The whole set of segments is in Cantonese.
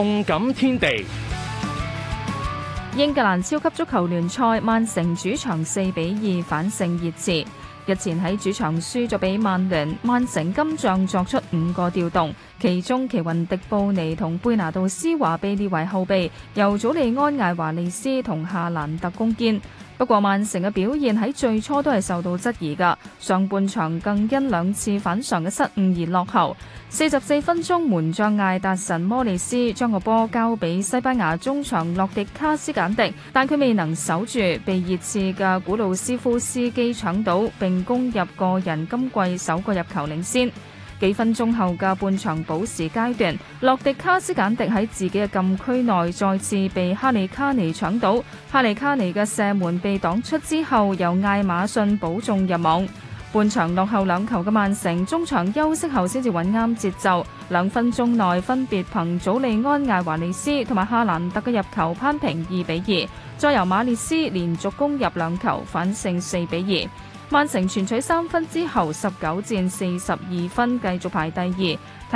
動感天地，英格蘭超級足球聯賽，曼城主場四比二反勝熱刺。日前喺主場輸咗俾曼聯，曼城金像作出五個調動，其中奇雲迪布尼同貝拿度斯華被列為後備，由祖利安艾華利斯同夏蘭特攻堅。不過曼城嘅表現喺最初都係受到質疑噶，上半場更因兩次反常嘅失誤而落後。四十四分鐘，門將艾達臣摩利斯將個波交俾西班牙中場洛迪卡斯簡迪，但佢未能守住，被熱刺嘅古魯斯夫斯基搶到並攻入個人今季首個入球領先。幾分鐘後嘅半場補時階段，洛迪卡斯簡迪喺自己嘅禁區內再次被哈利卡尼搶到，哈利卡尼嘅射門被擋出之後，由艾馬遜保中入網。半場落後兩球嘅曼城，中場休息後先至揾啱節奏，兩分鐘內分別憑祖利安艾華尼斯同埋哈蘭特嘅入球攀平二比二，再由馬列斯連續攻入兩球反勝四比二。曼城全取三分之後，十九戰四十二分，繼續排第二。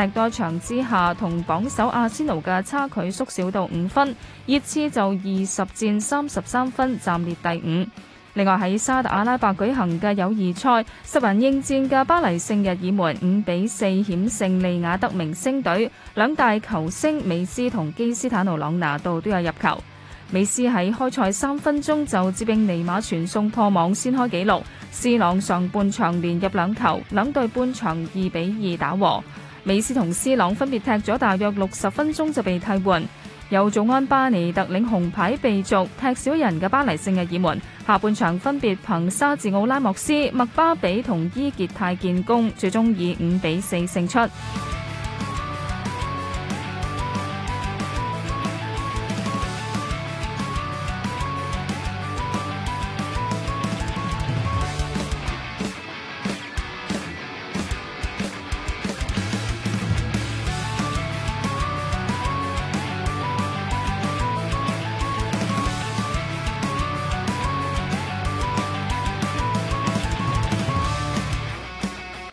踢多場之下，同榜首阿仙奴嘅差距縮小到五分。熱刺就二十戰三十三分，暫列第五。另外喺沙特阿拉伯舉行嘅友誼賽，十人應戰嘅巴黎聖日耳門五比四險勝利雅德明星隊，兩大球星美斯同基斯坦奴朗拿度都有入球。美斯喺開賽三分鐘就接應尼馬傳送破網，先開紀錄。斯朗上半場連入兩球，兩隊半場二比二打和。美斯同斯朗分別踢咗大約六十分鐘就被替換。有祖安巴尼特領紅牌被逐，踢少人嘅巴黎聖日耳門，下半場分別憑沙治奧拉莫斯、麥巴比同伊傑泰建功，最終以五比四勝出。